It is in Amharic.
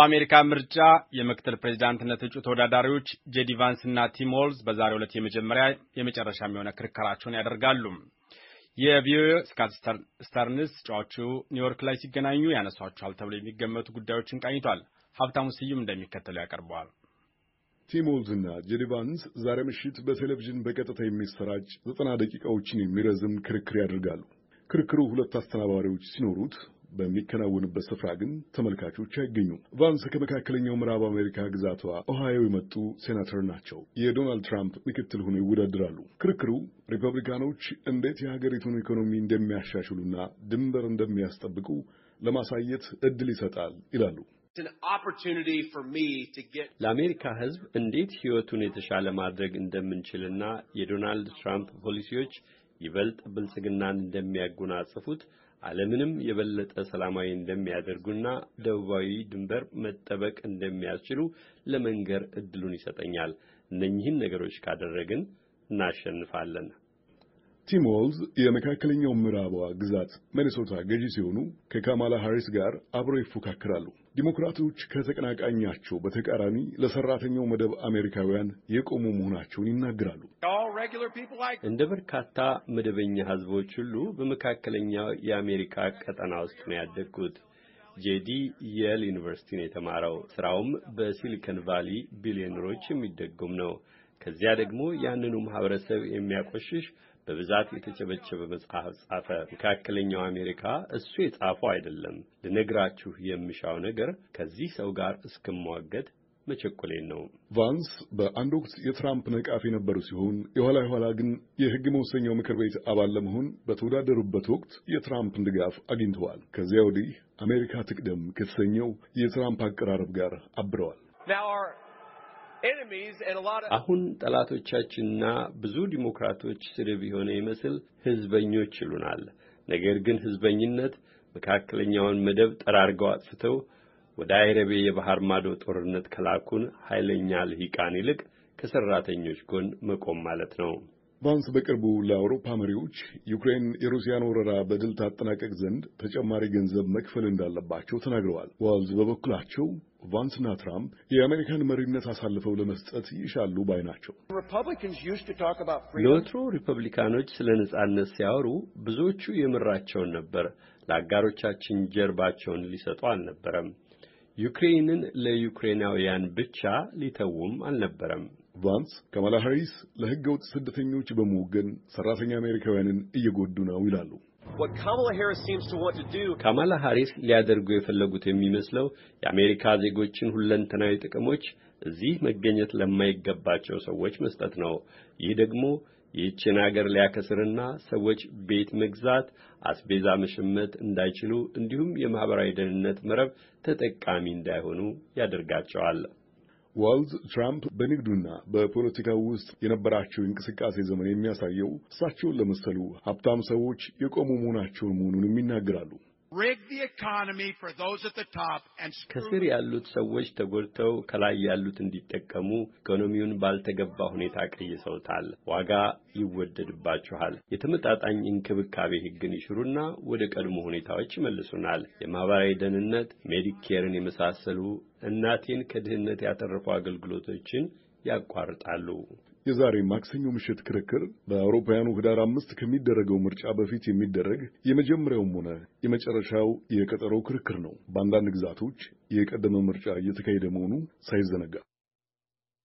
በአሜሪካ ምርጫ የምክትል ፕሬዚዳንትነት እጩ ተወዳዳሪዎች ጄዲ ቫንስ እና ቲም ዎልዝ በዛሬ ዕለት የመጀመሪያ የመጨረሻ የሚሆነ ክርክራቸውን ያደርጋሉ። የቪኦኤ ስካት ስተርንስ ጨዋቹ ኒውዮርክ ላይ ሲገናኙ ያነሷቸዋል ተብሎ የሚገመቱ ጉዳዮችን ቃኝቷል። ሀብታሙ ስዩም እንደሚከተለው ያቀርበዋል። ቲም እና ጄዲ ቫንስ ዛሬ ምሽት በቴሌቪዥን በቀጥታ የሚሰራጭ ዘጠና ደቂቃዎችን የሚረዝም ክርክር ያደርጋሉ። ክርክሩ ሁለት አስተናባሪዎች ሲኖሩት በሚከናወንበት ስፍራ ግን ተመልካቾች አይገኙም። ቫንስ ከመካከለኛው ምዕራብ አሜሪካ ግዛቷ ኦሃዮ የመጡ ሴናተር ናቸው። የዶናልድ ትራምፕ ምክትል ሆነው ይወዳደራሉ። ክርክሩ ሪፐብሊካኖች እንዴት የሀገሪቱን ኢኮኖሚ እንደሚያሻሽሉና ድንበር እንደሚያስጠብቁ ለማሳየት እድል ይሰጣል ይላሉ። ለአሜሪካ ሕዝብ እንዴት ሕይወቱን የተሻለ ማድረግ እንደምንችልና የዶናልድ ትራምፕ ፖሊሲዎች ይበልጥ ብልጽግናን እንደሚያጎናጽፉት ዓለምንም የበለጠ ሰላማዊ እንደሚያደርጉና ደቡባዊ ድንበር መጠበቅ እንደሚያስችሉ ለመንገር ዕድሉን ይሰጠኛል። እነኚህን ነገሮች ካደረግን እናሸንፋለን። ቲም ዋልዝ የመካከለኛው ምዕራቧ ግዛት ሚኔሶታ ገዢ ሲሆኑ ከካማላ ሃሪስ ጋር አብረው ይፎካከራሉ። ዲሞክራቶች ከተቀናቃኛቸው በተቃራኒ ለሰራተኛው መደብ አሜሪካውያን የቆሙ መሆናቸውን ይናገራሉ። እንደ በርካታ መደበኛ ሕዝቦች ሁሉ በመካከለኛው የአሜሪካ ቀጠና ውስጥ ነው ያደግኩት። ጄዲ የል ዩኒቨርሲቲ የተማረው። ስራውም በሲሊከን ቫሊ ቢሊዮነሮች የሚደጎም ነው። ከዚያ ደግሞ ያንኑ ማህበረሰብ የሚያቆሽሽ በብዛት የተቸበቸበ መጽሐፍ ጻፈ። መካከለኛው አሜሪካ እሱ የጻፈው አይደለም። ልነግራችሁ የምሻው ነገር ከዚህ ሰው ጋር እስክሟገት መቸኮሌን ነው። ቫንስ በአንድ ወቅት የትራምፕ ነቃፊ የነበሩ ሲሆን የኋላ የኋላ ግን የሕግ መወሰኛው ምክር ቤት አባል ለመሆን በተወዳደሩበት ወቅት የትራምፕን ድጋፍ አግኝተዋል። ከዚያ ወዲህ አሜሪካ ትቅደም ከተሰኘው የትራምፕ አቀራረብ ጋር አብረዋል። አሁን ጠላቶቻችንና ብዙ ዲሞክራቶች ስድብ የሆነ ይመስል ህዝበኞች ይሉናል። ነገር ግን ህዝበኝነት መካከለኛውን መደብ ጠራርገው አጥፍተው ወደ አይረቤ የባህር ማዶ ጦርነት ከላኩን ኃይለኛ ልሂቃን ይልቅ ከሰራተኞች ጎን መቆም ማለት ነው። ቫንስ በቅርቡ ለአውሮፓ መሪዎች ዩክሬን የሩሲያን ወረራ በድል ታጠናቀቅ ዘንድ ተጨማሪ ገንዘብ መክፈል እንዳለባቸው ተናግረዋል። ዋልዝ በበኩላቸው ቫንስና ትራምፕ የአሜሪካን መሪነት አሳልፈው ለመስጠት ይሻሉ ባይ ናቸው። ለወትሮ ሪፐብሊካኖች ስለ ነጻነት ሲያወሩ ብዙዎቹ የምራቸውን ነበር። ለአጋሮቻችን ጀርባቸውን ሊሰጡ አልነበረም። ዩክሬይንን ለዩክሬናውያን ብቻ ሊተውም አልነበረም። ቫንስ ከማላ ሃሪስ ለሕገ ወጥ ስደተኞች በመወገን ሰራተኛ አሜሪካውያንን እየጎዱ ነው ይላሉ። ካማላ ሃሪስ ሊያደርጉ የፈለጉት የሚመስለው የአሜሪካ ዜጎችን ሁለንተናዊ ጥቅሞች እዚህ መገኘት ለማይገባቸው ሰዎች መስጠት ነው። ይህ ደግሞ ይህችን አገር ሊያከስርና ሰዎች ቤት መግዛት፣ አስቤዛ መሸመት እንዳይችሉ እንዲሁም የማህበራዊ ደህንነት መረብ ተጠቃሚ እንዳይሆኑ ያደርጋቸዋል። ዋልዝ ትራምፕ በንግዱና በፖለቲካው ውስጥ የነበራቸው እንቅስቃሴ ዘመን የሚያሳየው እሳቸውን ለመሰሉ ሀብታም ሰዎች የቆሙ መሆናቸውን መሆኑንም ይናገራሉ። ከስር ያሉት ሰዎች ተጎድተው ከላይ ያሉት እንዲጠቀሙ ኢኮኖሚውን ባልተገባ ሁኔታ ቀይሰውታል። ዋጋ ይወደድባችኋል። የተመጣጣኝ እንክብካቤ ሕግን ይሽሩና ወደ ቀድሞ ሁኔታዎች ይመልሱናል። የማህበራዊ ደህንነት ሜዲኬርን የመሳሰሉ እናቴን ከድህነት ያተረፉ አገልግሎቶችን ያቋርጣሉ። የዛሬ ማክሰኞ ምሽት ክርክር በአውሮፓውያኑ ህዳር አምስት ከሚደረገው ምርጫ በፊት የሚደረግ የመጀመሪያውም ሆነ የመጨረሻው የቀጠሮ ክርክር ነው። በአንዳንድ ግዛቶች የቀደመ ምርጫ እየተካሄደ መሆኑ ሳይዘነጋ